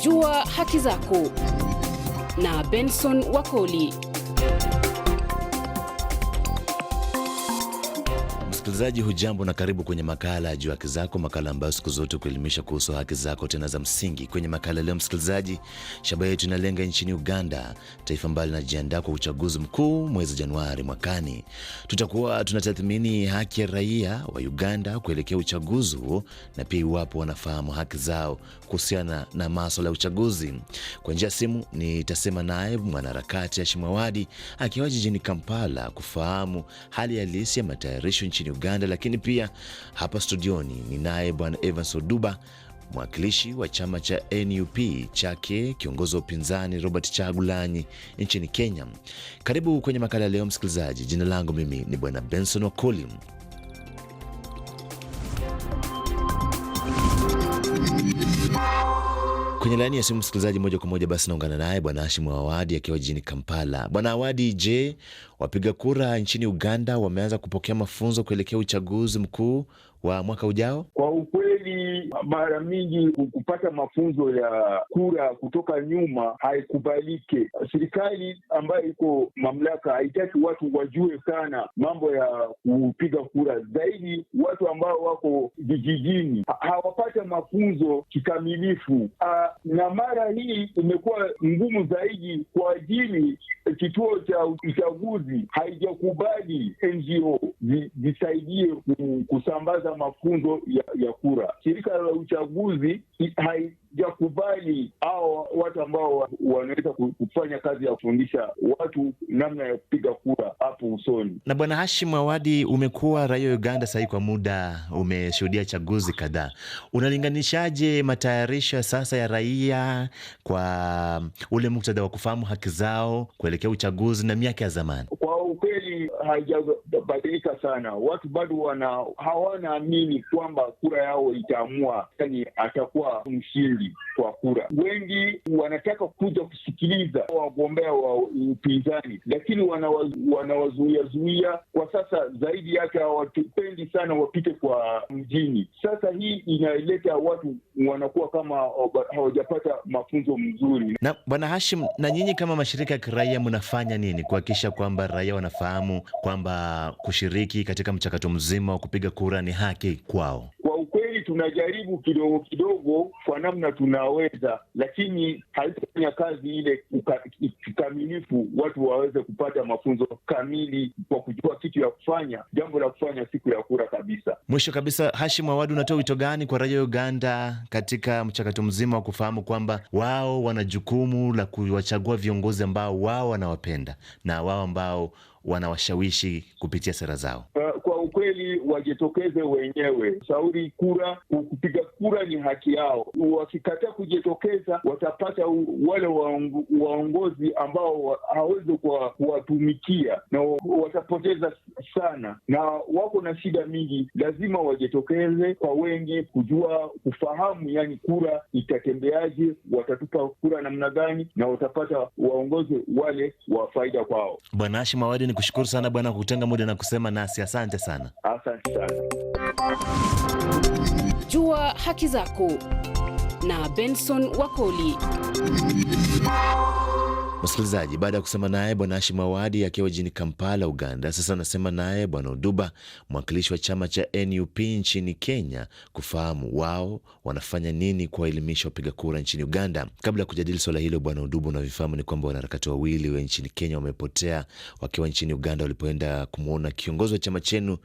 Jua haki zako na Benson Wakoli. Msikilizaji hujambo na karibu kwenye makala ya Jua Haki Zako, makala ambayo siku zote kuelimisha kuhusu haki zako tena za msingi. Kwenye makala leo, msikilizaji, shabaha yetu inalenga nchini Uganda, taifa ambalo linajiandaa kwa uchaguzi mkuu mwezi Januari mwakani. Tutakuwa tunatathmini haki ya raia wa Uganda kuelekea uchaguzi huo na pia iwapo wanafahamu haki zao kuhusiana na maswala ya uchaguzi. Kwa njia ya simu nitasema naye mwanaharakati Hashim Awadi akiwa jijini Kampala kufahamu hali halisi ya matayarisho nchini nchini Uganda, lakini pia hapa studioni ni naye bwana Evans Oduba, mwakilishi wa chama cha NUP chake kiongozi wa upinzani Robert Chagulanyi nchini Kenya. Karibu kwenye makala ya leo msikilizaji. Jina langu mimi ni bwana Benson Wakoli. Kwenye laini ya simu msikilizaji, moja kwa moja basi naungana naye bwana Hashimu Awadi akiwa jijini Kampala. Bwana Awadi, je, wapiga kura nchini Uganda wameanza kupokea mafunzo kuelekea uchaguzi mkuu wa mwaka ujao? Kwa ukweli, mara mingi kupata mafunzo ya kura kutoka nyuma haikubalike. Serikali ambayo iko mamlaka haitaki watu wajue sana mambo ya kupiga kura, zaidi watu ambao wako vijijini hawapata mafunzo kikamilifu. A, ah, na mara hii imekuwa ngumu zaidi kwa ajili kituo cha uchaguzi haijakubali NGO zisaidie kusambaza kupata mafunzo ya, ya kura. Shirika la uchaguzi haijakubali au watu ambao wanaweza kufanya kazi ya kufundisha watu namna ya kupiga kura hapo usoni. Na Bwana Hashim Awadi, umekuwa raia wa Uganda sahii kwa muda, umeshuhudia chaguzi kadhaa, unalinganishaje matayarisho sasa ya raia kwa ule muktadha wa kufahamu haki zao kuelekea uchaguzi na miaka ya zamani kwa hali haijabadilika sana. Watu bado wana hawanaamini kwamba kura yao itaamua yani atakuwa mshindi kwa kura. Wengi wanataka kuja kusikiliza wagombea wa upinzani, lakini wanawazuiazuia wana kwa sasa. Zaidi yake hawatupendi sana wapite kwa mjini. Sasa hii inaleta watu wanakuwa kama hawajapata mafunzo mzuri. Na Bwana Hashim, na nyinyi kama mashirika ya kiraia mnafanya nini kuhakikisha kwamba raia wanafahamu wanafahamu kwamba kushiriki katika mchakato mzima wa kupiga kura ni haki kwao tunajaribu kidogo kidogo kwa namna tunaweza, lakini haitafanya kazi ile kikamilifu, watu waweze kupata mafunzo kamili kwa kujua kitu ya kufanya, jambo la kufanya siku ya kura kabisa. Mwisho kabisa, Hashim Awadu, unatoa wito gani kwa raia Uganda katika mchakato mzima wa kufahamu kwamba wao wana jukumu la kuwachagua viongozi ambao wao wanawapenda na wao ambao wanawashawishi kupitia sera zao? Uh, kweli wajitokeze wenyewe. Shauri kura, kupiga kura ni haki yao. Wakikataa kujitokeza, watapata wale waongozi ambao hawezi kuwatumikia na watapoteza sana, na wako na shida mingi. Lazima wajitokeze kwa wengi, kujua kufahamu, yani kura itatembeaje, watatupa kura namna gani, na watapata waongozi wale wa faida kwao. Bwana Hashim Awadi, ni kushukuru sana bwana kutenga muda na kusema nasi, asante sana. Asante sana. Jua haki zako na Benson Wakoli. Msikilizaji, baada ya kusema naye bwana Hashim Awadi akiwa jijini Kampala, Uganda, sasa anasema naye bwana Oduba, mwakilishi wa chama cha NUP nchini Kenya, kufahamu wao wanafanya nini kuwaelimisha wapiga kura nchini Uganda. Kabla ya kujadili swala hilo, bwana Oduba, unavyofahamu ni kwamba wanaharakati wawili wa nchini Kenya wamepotea wakiwa nchini Uganda walipoenda kumwona kiongozi wa chama chenu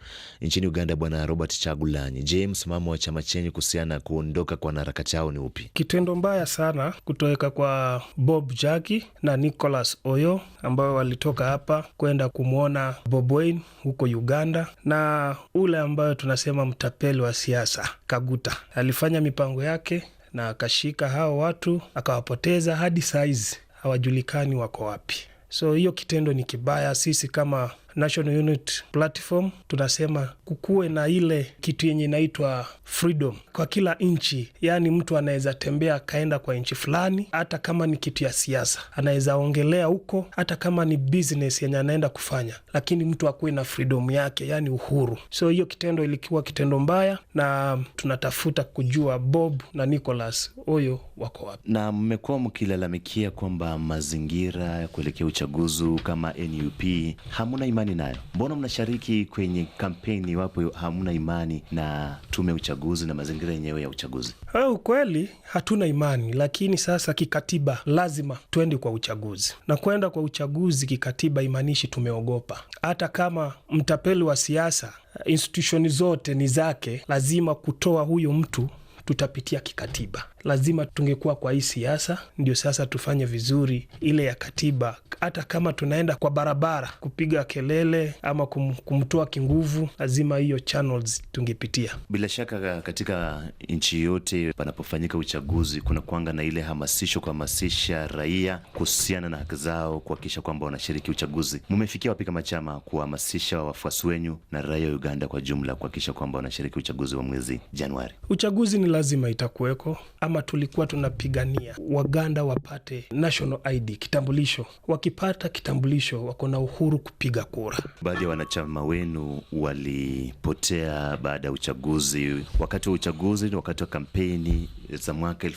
nchini Uganda, bwana Robert Chagulanyi. Je, msimamo wa chama chenyu kuhusiana na kuondoka kwa wanaharakati hao ni upi? Kitendo mbaya sana kutoweka kwa Bob Jagi na Nicholas Oyo ambao walitoka hapa kwenda kumwona Bob Wine huko Uganda, na ule ambayo tunasema mtapeli wa siasa Kaguta alifanya mipango yake na akashika hao watu akawapoteza, hadi saizi hawajulikani wako wapi. So hiyo kitendo ni kibaya. Sisi kama National Platform tunasema kukuwe na ile kitu yenye inaitwa freedom kwa kila nchi, yaani mtu anaweza tembea akaenda kwa nchi fulani, hata kama ni kitu ya siasa anaweza ongelea huko, hata kama ni business yenye anaenda kufanya, lakini mtu akuwe na freedom yake, yaani uhuru. So hiyo kitendo ilikuwa kitendo mbaya, na tunatafuta kujua Bob na Nicholas huyo wako wapi. Na mmekuwa mkilalamikia kwamba mazingira ya kuelekea uchaguzi kama NUP hamuna imani imani nayo? Mbona mnashiriki kwenye kampeni iwapo hamna imani na tume ya uchaguzi na mazingira yenyewe ya uchaguzi? Ha, ukweli hatuna imani, lakini sasa kikatiba lazima twende kwa uchaguzi, na kwenda kwa uchaguzi kikatiba imaanishi tumeogopa. Hata kama mtapeli wa siasa institushoni zote ni zake, lazima kutoa huyu mtu tutapitia kikatiba. Lazima tungekuwa kwa hii siasa, ndio sasa tufanye vizuri ile ya katiba hata kama tunaenda kwa barabara kupiga kelele ama kum, kumtoa kinguvu, lazima hiyo channels tungepitia. Bila shaka katika nchi yote panapofanyika uchaguzi kuna kwanga na ile hamasisho, kuhamasisha raia kuhusiana na haki zao, kuhakikisha kwamba wanashiriki uchaguzi. Mmefikia wapi kama chama kuhamasisha wafuasi wenyu na raia wa Uganda kwa jumla kuhakikisha kwamba wanashiriki uchaguzi wa mwezi Januari? Uchaguzi ni lazima itakuweko, ama tulikuwa tunapigania Waganda wapate national ID, kitambulisho waki wakipata kitambulisho wako na uhuru kupiga kura. Baadhi ya wanachama wenu walipotea baada ya uchaguzi. Wakati wa uchaguzi, wakati wa kampeni za mwaka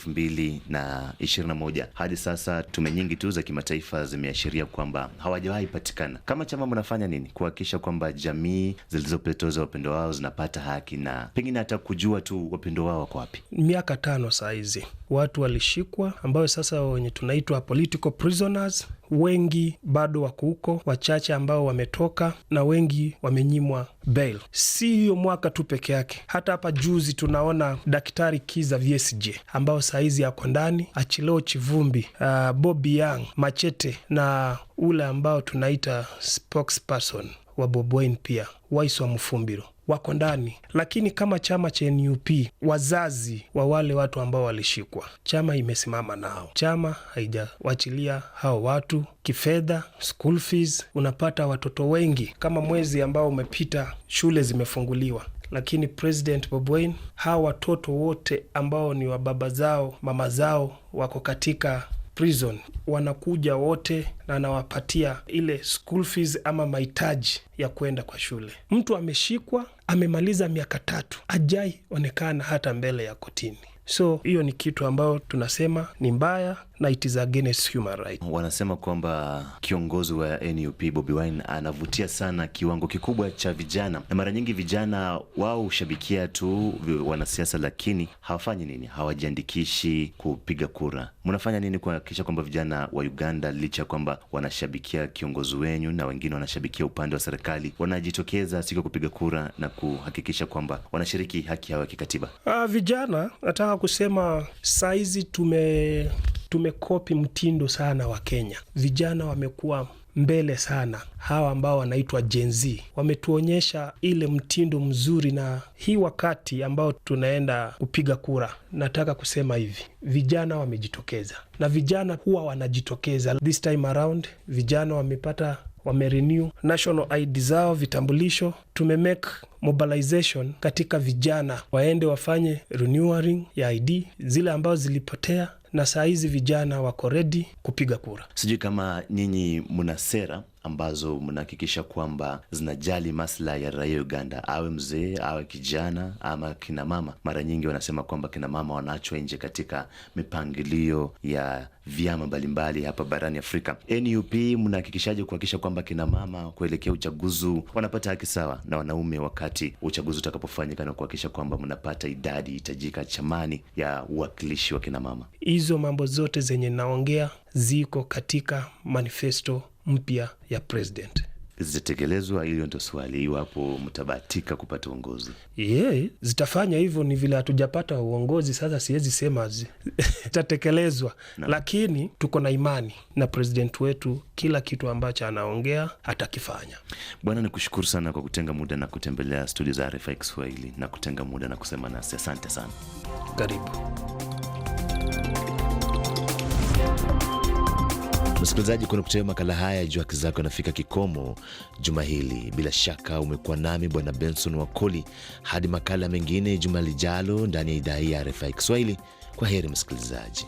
moja. hadi sasa, tume nyingi tu za kimataifa zimeashiria kwamba hawajawahi patikana. Kama chama, mnafanya nini kuhakikisha kwamba jamii zilizopoteza wapendo wao zinapata haki na pengine hata kujua tu wapendo wao wako wapi? Miaka tano saa hizi watu walishikwa, ambayo sasa wenye tunaitwa political prisoners wengi bado wako huko, wachache ambao wametoka na wengi wamenyimwa bail. Si hiyo mwaka tu peke yake, hata hapa juzi tunaona Daktari Kiza Vyesi PSG ambao sahizi yako ndani, Achileo Chivumbi, uh, Bobby Young, Machete na ule ambao tunaita spokesperson wa Bobi pia Waiso wa Mfumbiro wako ndani, lakini kama chama cha NUP, wazazi wa wale watu ambao walishikwa, chama imesimama nao, chama haijawachilia hao watu kifedha, school fees. Unapata watoto wengi kama mwezi ambao umepita, shule zimefunguliwa lakini President Bobi hawa watoto wote ambao ni wa baba zao mama zao wako katika prison wanakuja wote na anawapatia ile school fees ama mahitaji ya kwenda kwa shule. Mtu ameshikwa amemaliza miaka tatu, ajai onekana hata mbele ya kotini. So hiyo ni kitu ambayo tunasema ni mbaya na it is against human right. Wanasema kwamba kiongozi wa NUP Bobi Wine anavutia sana kiwango kikubwa cha vijana, na mara nyingi vijana wao hushabikia tu wanasiasa, lakini hawafanyi nini? Hawajiandikishi kupiga kura. Mnafanya nini kuhakikisha kwamba vijana wa Uganda, licha ya kwamba wanashabikia kiongozi wenyu na wengine wanashabikia upande wa serikali, wanajitokeza siku ya kupiga kura na kuhakikisha kwamba wanashiriki haki yao ya kikatiba? Uh, vijana nataka kusema saizi tume tumekopi mtindo sana wa Kenya. Vijana wamekuwa mbele sana, hawa ambao wanaitwa Gen Z wametuonyesha ile mtindo mzuri. Na hii wakati ambao tunaenda kupiga kura, nataka kusema hivi, vijana wamejitokeza, na vijana huwa wanajitokeza. This time around vijana wamepata wamerenew national ID zao, vitambulisho. Tumemake mobilization katika vijana waende wafanye renewing ya ID zile ambazo zilipotea na saa hizi vijana wako redi kupiga kura. Sijui kama nyinyi mna sera ambazo mnahakikisha kwamba zinajali maslahi ya raia Uganda, awe mzee awe kijana ama kina mama. Mara nyingi wanasema kwamba kina mama wanaachwa nje katika mipangilio ya vyama mbalimbali hapa barani Afrika. NUP mnahakikishaje kuhakikisha kwamba kina mama kuelekea uchaguzi wanapata haki sawa na wanaume wakati uchaguzi utakapofanyika na kuhakikisha kwamba mnapata idadi hitajika chamani ya uwakilishi wa kina mama? Hizo mambo zote zenye naongea ziko katika manifesto mpya ya president zitatekelezwa? Hilo ndo swali, iwapo mtabatika kupata uongozi. Yeah, zitafanya hivyo. Ni vile hatujapata uongozi, sasa siwezi sema zitatekelezwa no. Lakini tuko na imani na president wetu, kila kitu ambacho anaongea atakifanya. Bwana, ni kushukuru sana kwa kutenga muda na kutembelea studio za RFI Kiswahili na kutenga muda na kusema nasi, asante sana. Karibu. Msikilizaji, kuna kutia makala haya juu haki zako yanafika kikomo juma hili. Bila shaka umekuwa nami Bwana Benson Wakoli hadi makala mengine juma lijalo ndani ya idhaa hii ya RFI Kiswahili. Kwa heri msikilizaji.